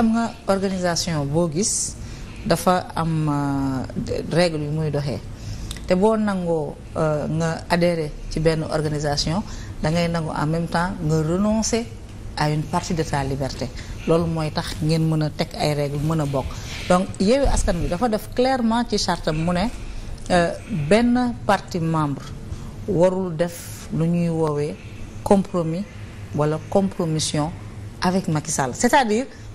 xam nga organisation boo gis dafa am euh, règle yu muy doxee te boo nangoo euh, nga adhérer ci benn organisation da ngay nangu en même temps nga renoncer à une partie de ta liberté loolu mooy tax ngeen mën a teg ay règle mën a bokk donc Yewwi Askan bi dafa def clairement ci chartam mu ne euh, benn parti membre warul def lu ñuy woowee compromis wala compromission avec Macky Sall cest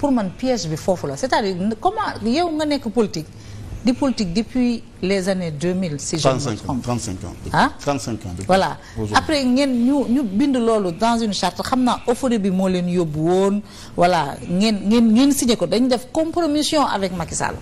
pour man piège bi foofu la c'est-à-dire comment yow nga nekk politique di politique depuis les années 2000 si je me trompe 35 ans ah 35 ans après ngeen ñu ñu bind loolu dans une charte xam naa euphorie bi moo leen yóbbu woon voilà ngeen ngeen ngeen signé ko dañ def compromission avec Macky Sall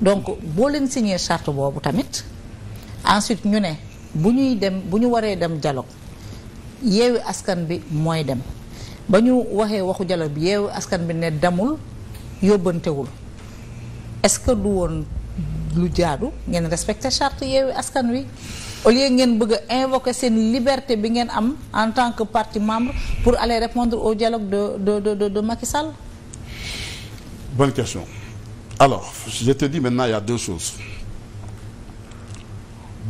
donc boo leen signé charte boobu tamit ensuite ñu ne bu ñuy dem bu ñu waree dem dialogue yeewi askan bi mooy dem ba ñu waxee waxu dialogue bi yeewu askan bi ne demul yóbbantewul est-ce que du woon lu jaadu ngeen respecter charte yeewu askan wi au lieu ngeen bëgg a invoquer seen liberté bi ngeen am en tant que parti membre pour aller répondre au dialogue de de de de, de Macky Sall. bonne question alors je te dis maintenant il y a deux choses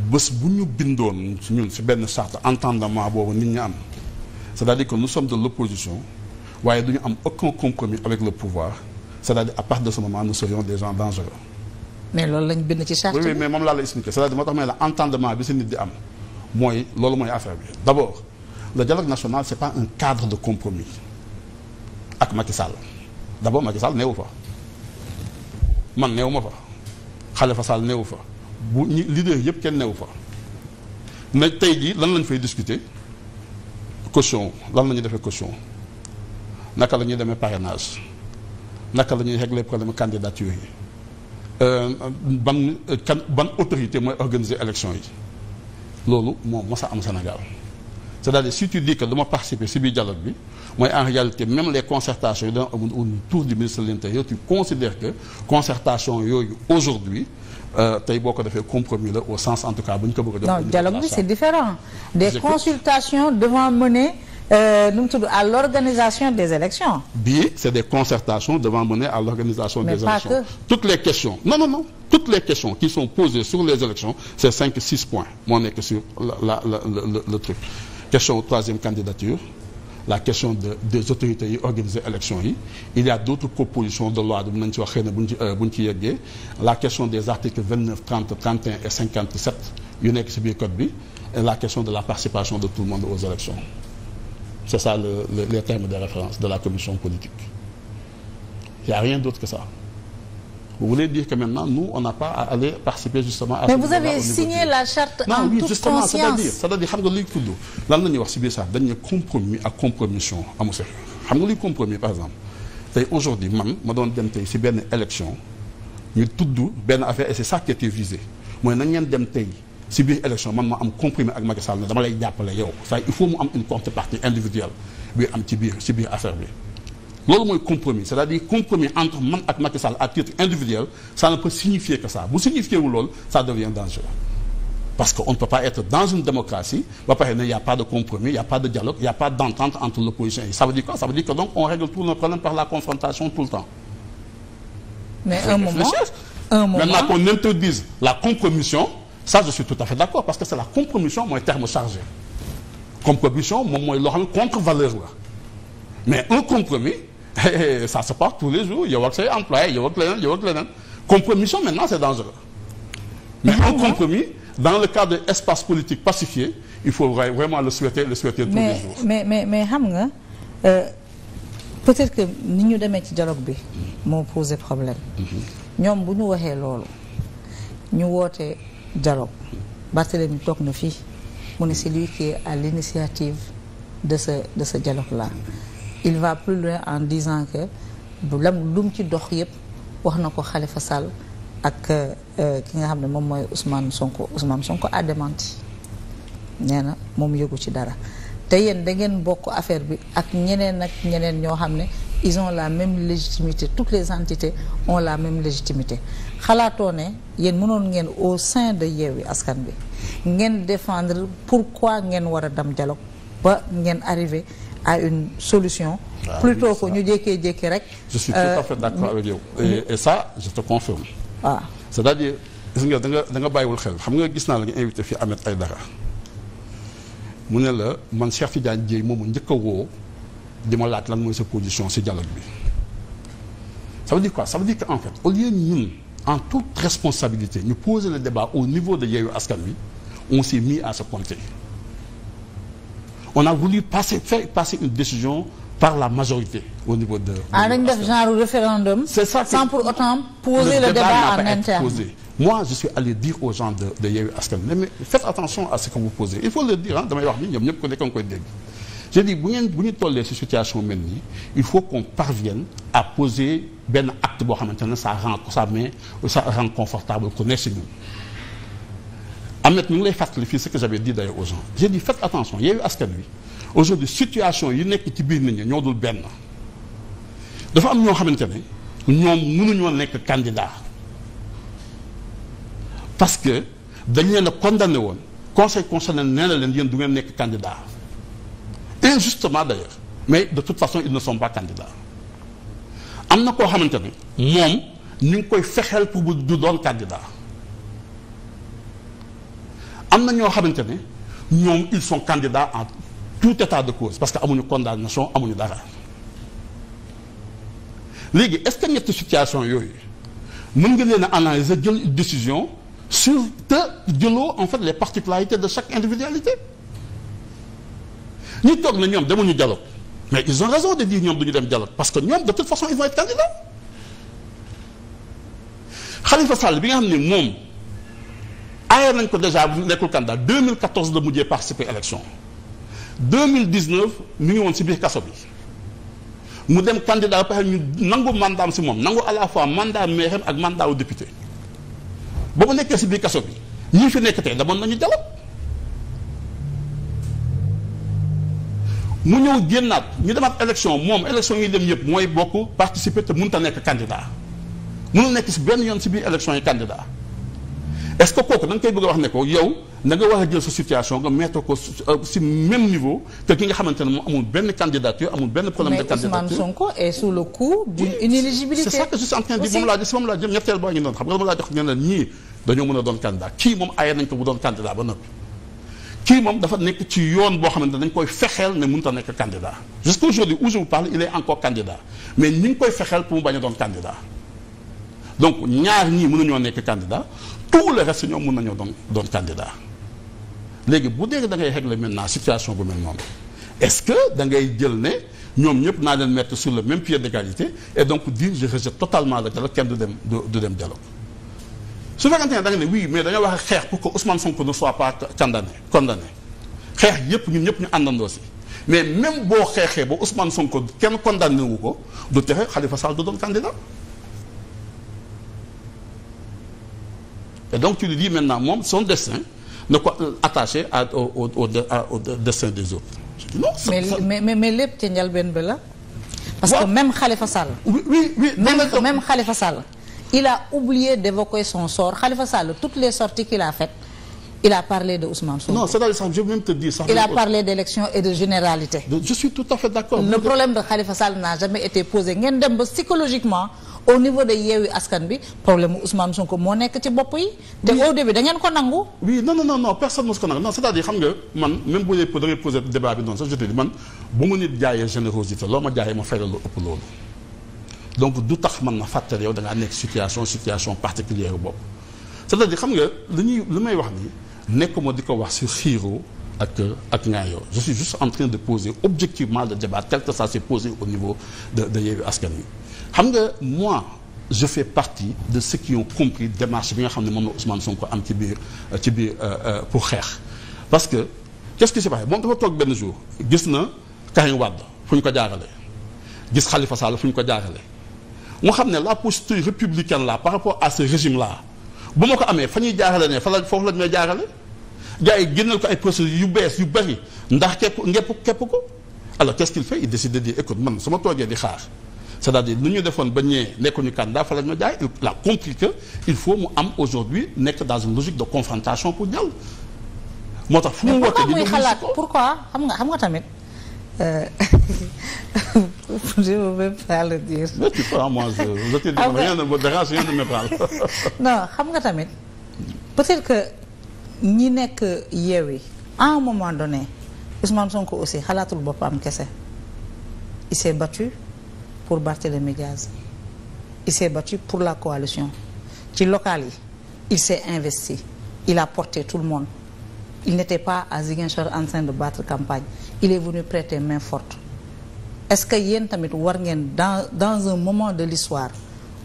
bu ñu bindoon ñun ci benn charte entendement boobu nit ñi am. c'est-à-dire que nous sommes de l'opposition waaye du ñu am aucun compromis avec le pouvoir c'est-à-dire à de ce moment nous serions des gens dangereux. mais loolu lañ bind ci charte. oui oui mais moom laa la expliqué c'est-à-dire moo tax ma ne bi si nit di am mooy loolu mooy pas un cadre de compromis ak Macky Sall d'abord Macky Sall neewu fa man neewu ma fa Khalifa Sall neewu fa bu ñi leader yëpp kenn neewu fa mais tey jii lan lañu fay discuter. caution lan la ñuy defee caution naka la ñuy demee parrainage naka la ñuy régler problème candidature yi euh, ban euh, kan ban autorité mooy organiser élection yi loolu moom mos a am Sénégal c'est-à-dire si tu dis que dama participer si dialogue bi mooy en réalité même les concertations yi dana amoon autour du ministre de l'intérieur tu considères que concertation yooyu aujourd'hui euh, tey boo ko defee compromis la au sens en tout cas bu ñu ko bëgg a. non dialogue bi c'est différent des consultations devant mener euh, à l'organisation des élections bii c'est des concertations devant mener à l'organisation des élections mais pas que. toutes les questions non non non toutes les questions qui sont posées sur les élections cinq six points moo nekk sur la la la question troisième candidature la question de des autorités yi organiser élection yi il y a d'autres propositions de loi bu nañ ci wax xëy na bu ñu ci euh, ñu ci yeggee la question des articles 29 30 31 et 57 yu nekk ci biir code bi et la question de la participation de tout le monde aux élections c'est ça le, le les termes de référence de la commission politique y a rien d'autre que ça Vous voulez dire que maintenant, nous, on n'a pas à aller participer justement à. mais vous avez signé la charte en toute conscience non oui justement c'est-à-dire c'est-à-dire xam nga luy tudd lan la ñuy wax si biir sax dañu ne compromis ak compromission amu si xam nga luy compromis par exemple tey aujourd'hui man ma doon dem tey si benn élection ñu tudd benn affaire et c'est ça qui était visé mooy nañ leen dem tey si biir élection man ma am compromis ak Macky Sall ne dama lay jàppale yow ça il faut mu am une contrepartie individuelle bi am ci biir si biir affaire bi. loolu mooy compromis c'est-à-dire compromis entre man ak Macky Sall à titre individuel ça ne peut signifier que ça bu signifier wu loolu ça devient dangereux parce que on ne peut pas être dans une démocratie pas de dialogue il y a pas d'entente entre l'opposition et ça veut que donc on règle tous nos problèmes par la confrontation tout le temps. mais un moment un qu'on introduise la compromission ça je suis tout à fait d'accord parce que c'est la compromission mooy terme mooy loo xam ne contre valeur Et eh, ça se passe tous les jours yow ak say employés yow ak leneen yow ak leneen compromission maintenant c'est dangereux mais un dans le cadre de espace politique pacifié il faut vraiment le souhaiter le souhaiter tous mais, les jours mais mais mais xam nga euh, peut-être que ni ñu demee ci dialogue bi moo posé problème mhm. ñoom bu ñu waxee loolu ñu woote dialogue Barthélémy toog na fii mu ne si lui kii à l'initiative de ce de ce dialogue la il va plus loin en disant que lam lu mu ci dox yëpp wax na ko Khalifa Sall ak euh, ki nga xam ne moom mooy Ousmane Sonko Ousmane Sonko a démenti nee na moom yëgu ci dara te yéen da ngeen bokk affaire bi ak ñeneen ak ñeneen ñoo xam ne ils ont la même légitimité toutes les entités ont la même légitimité xalaatoo ne yéen mënoon ngeen au sein de Yewwi Askan bi ngeen défendre pourquoi ngeen war a dem dialogue ba ngeen arrivé à une solution. Ah, plutôt que ñu jékkee-jékki rek. je suis tout à fait d'accord euh, avec yow. et ça je te confirme. waaw ah. c'est-à-dire gis nga da nga da nga bàyyiwul xel xam nga gis naa la nga invité fii Ahmed Aïdara mu ne la man Cheikh Tidiane Dièye moomu njëkk a woo di ma laaj lan mooy sa position si dialogue bi. sa veut dire quoi ça veut dire que en fait au lieu ñun en toute responsabilité ñu poser le débat au niveau de Yewwi Askan Wi on s'est mis à se compter. on a voulu passer faire passer une décision par la majorité au niveau de. ah dañu def genre référendum. c'est ça sans pour autant poser le, le débat, en interne posé. moi je suis allé dire aux gens de de Yewwi mais faites attention à ce que vous posez il faut le dire ah damay wax ni ñoom ñëpp ku nekk nga koy dégg. je dis bu ngeen bu ñu tollee ci situation mel nii il faut qu'on parvienne à poser benn acte boo xamante ne ça rend ça met ça rend confortable ku nekk Ahmed mi ngi lay fàttali fii ce que j'avais dit d'ailleurs aux gens j'ai dit faites attention Yewwi Askan Wi aujourd'hui situation yi nekk ci biir nit ñi ñoo benn dafa am ñoo xamante ne ñoom mënuñoo nekk candidat parce que dañ leen a condamné woon conseil constitutionnel nee na leen yéen du ngeen nekk candidat injustement d'ailleurs mais de façon ils ne sont am na koo xamante ne moom ñu ngi koy fexeel pour bu du doon candidat am na ñoo xamante ni ñoom ils sont candidats en tout état de cause parce que amuñu condamnation amuñu dara léegi est-ce que ñetti situation yooyu mën nga leen a analyser jël une décision sur te jëloo en fait les particularités de chaque individualité ñu toog na ñoom demuñu dialogue mais ils ont raison de dire ñoom du ñu dem dialogue parce que ñoom de toute façon ils vont être candidats Khalifa Sall bi nga xam ne moom tegoon nañ ko déjà nekkul candidat 2014 la mujjee participer élection 2019 mi ngi woon si biir kaso bi mu dem candidat ba pare ñu nangu mandaam si moom nangu à la fois mandat maire ak mandat wu député ba mu nekkee si biir kaso bi ñi fi nekk tey demoon nañu dialogue mu ñëw génnaat ñu demaat élection moom élection yi dem yëpp mooy bokk participer te mun ta nekk candidat mënul nekk si benn yoon ci biir élection yi candidat est-ce que kooku da nga bëgg a wax ne ko yow na nga a jël sa situation nga mettre ko euh, si même niveau que ki nga xamante ne moom amul benn candidature amul benn problème de candidature c'est ça que je suis en moom laa si moom laa jëm ñetteel boo ñu doon xam nga dama laa jox ñeneen ñii dañoo mën a doon candidat kii moom aye nañ ko bu doon candidat ba noppi kii moom dafa nekk ci yoon boo xamante dañ koy fexeel ne mun a nekk candidat jusqu'à aujourd'hui où je vous parle il est encore candidat mais ñi ngi a donc ñaar ñii mënuñoo nekk candidat tout le reste ñoom mun nañoo doon doon candidat léegi bu dee da ngay régler maintenant situation bu mel noonu est-ce que dangay jël ne ñoom ñëpp naa leen mettre sur le même pied d'égalité et donc dire je rejette totalement le dialogue kenn du dem du dem dialogue su fekkante ne da nga ne oui mais dañoo waxee ak xeex pour que Ousmane Sonko ne soit pas condamné condamné xeex yëpp ñun ñëpp ñu àndandoo si mais même boo xeexee ba Ousmane Sonko kenn condamné wu ko du texe Khalifa Sall du doon candidat et donc tu lui dis maintenant moom son destin ne ko euh, attaché à au au des autres. mais, ça... mais mais mais lépp ci njëlbeen bi la. parce ouais. que même Khalifa Sall. oui oui oui même non, même Khalifa Sall. il a oublié d'évoquer son sort Khalifa Sall toutes les sorties qu'il a faites il a parlé de Ousmane Sonko. non c'est-à-dire sax a parlé d'élection et de généralité. je suis tout à fait d'accord. le problème de Khalifa Sall n'a jamais été posé ngeen dem ba psychologiquement. au niveau de yeewi askan bi problème Ousmane Sonko moo nekk ci bopp yi. te au début da ngeen ko nangu. oui non non non personne mosu ko nangu non c'est-à-dire xam nga man même bu dee da ngay poser débat bi noonu sax je te dis man bu ma nit jaayee générosité loo ma jaayee ma fay la lu ëpp loolu. donc du tax man na fàttali yow da ngaa nekk situation situation particulière bopp c'est-à-dire xam nga li ñuy li may wax nii nekkuma di ko wax sur xiiroo ak ak ngaayoo je suis juste de poser objectivement le débat tel que ça s'est posé au Askan Wi xam nga moi je fais partie de ceux qui ont compris démarche bi nga xam ne moom la Ousmane Sonko am ci biir euh, ci biir euh, euh, pour xeex parce que qu'est-ce qui s'est passé moom dafa toog benn jour gis na Karim Wade fu ñu ko jaarale gis xalifa Sall fu ñu ko jaarale mu xam ne la posture républicaine là par rapport a ce régime là bu ma ko amee fa ñuy jaarale ne fa la foofu lañu may jaarale gars yi génnal ko ay procédures yu bees yu bëri ndax képp ngepp képp ko alors qu'est-ce qu'il fait il décide de su ma toogee di xaar c'est-à-dire nu ñu defoon ba ñëwee nekkuñu candidat fa la jaay il a il faut mu am aujourd'hui nekk dans une logique de confrontation pour jàll. moo tax fu mu wootee di muy xalaat pourquoi xam nga xam nga tamit. Euh, je ne le dire. mais tu peux moi je je te ah xam nga tamit peut-être que ñi nekk Yewwi à un moment donné Ousmane ko aussi xalaatul am kese il s'est battu. pour Barthélémy Diaz il s'est battu pour la coalition ci local yi il s'est investi il a porte tout le monde il n'était pas à Ziguinchor en train campagne il est venu prêter main forte est-ce que yéen tamit war ngeen dans dans un moment de l'histoire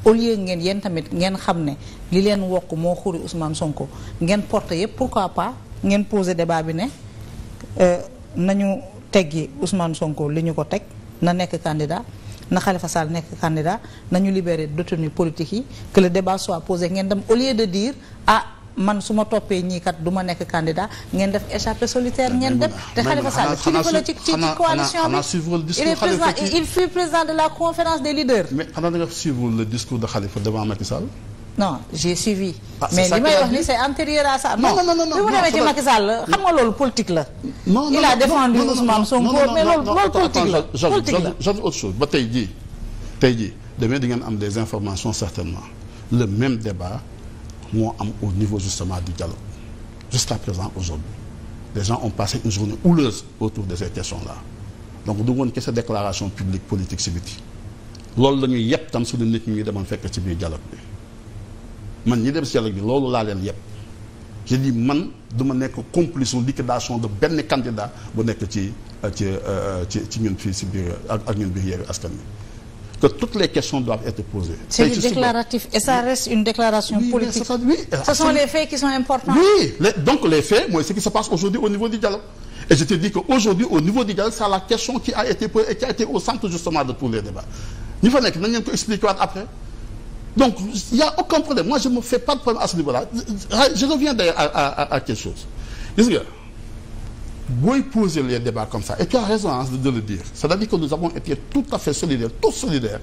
au lieu ngeen yéen tamit ngeen xam ne li leen wokk moo xuri Ousmane Sonko ngeen porté yëpp pourquoi pas ngeen poser débat bi ne euh, nañu teggi Ousmane Sonko li ñu ko teg na nekk candidat na Khalifa Sall nekk candidat nañu libérer détenus politiques yi que le débat soit posé ngeen dem au lieu de dire ah man su ma toppee ñii kat du ma nekk candidat ngeen def échappée solitaire ngeen def te Khalifa Sall kilifa la ci ci coalition bi il est président il fut président de la conférence des leaders. mais xanaa da nga suivre le discours de Khalifa devant Macky non j'ai suivi. Ah, mais li may wax ni c'est antérieur à ça. non non non non bi mu demee ci Macky Sall xam nga loolu politique la. non non non il a défendu Ousmane Sonko mais loolu loolu politique la. politique la j'ajoute autre chose ba tey jii tey jii demee di ngeen am des informations certainement le même débat moo am au niveau justement du dialogue jusqu'à présent aujourd'hui les gens ont passé une journée houleuse autour de ces questions-là donc du woon kese déclaration publique politique si biti loolu la ñuy yëpp tam suñu nit ñi demoon fekk ci biir dialogue bi. man ñi dem si yàlla gi loolu laa leen yëpp je dis man du ma nekk complice ou liquidation de benn candidat bu nekk ci euh, ci euh, ci ci ñun fii si biir ak ñun biir Yewwi Askan Wi que toutes les questions doivent être posées. C'est du déclaratif et ce qui se passe aujourd'hui au niveau du dialogue. Et je te dis qu'aujourd'hui, au niveau du dialogue, c'est la question qui a été posée qui a été au centre justement de tous les débats. Ñu fa nekk nañ ko expliquer donc il y a aucun problème moi je me fais pas de problème à ce niveau-là ah, je reviens d'ailleurs à, à, à quelque chose gis nga booy poser les débats comme ça et tu as raison de le dire c'est-à-dire que nous avons été tout à fait solidaires tous solidaires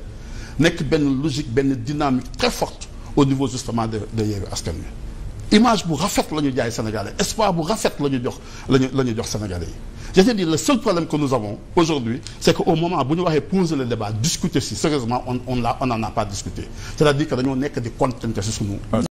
nekk benn logique benn dynamique très forte au niveau justement de de Yewwi Askan Wi image bu rafet la ñu jaay Sénégalais espoir bu rafet la ñu jox la ñu la ñu jox Sénégalais yi je te dis le seul problème que nous avons aujourd'hui c'est que au moment bu ñu waxee poser le débat discuter si sérieusement on n'en a pas discuté c'est-à-dire que dañoo nekk di contenter si sunu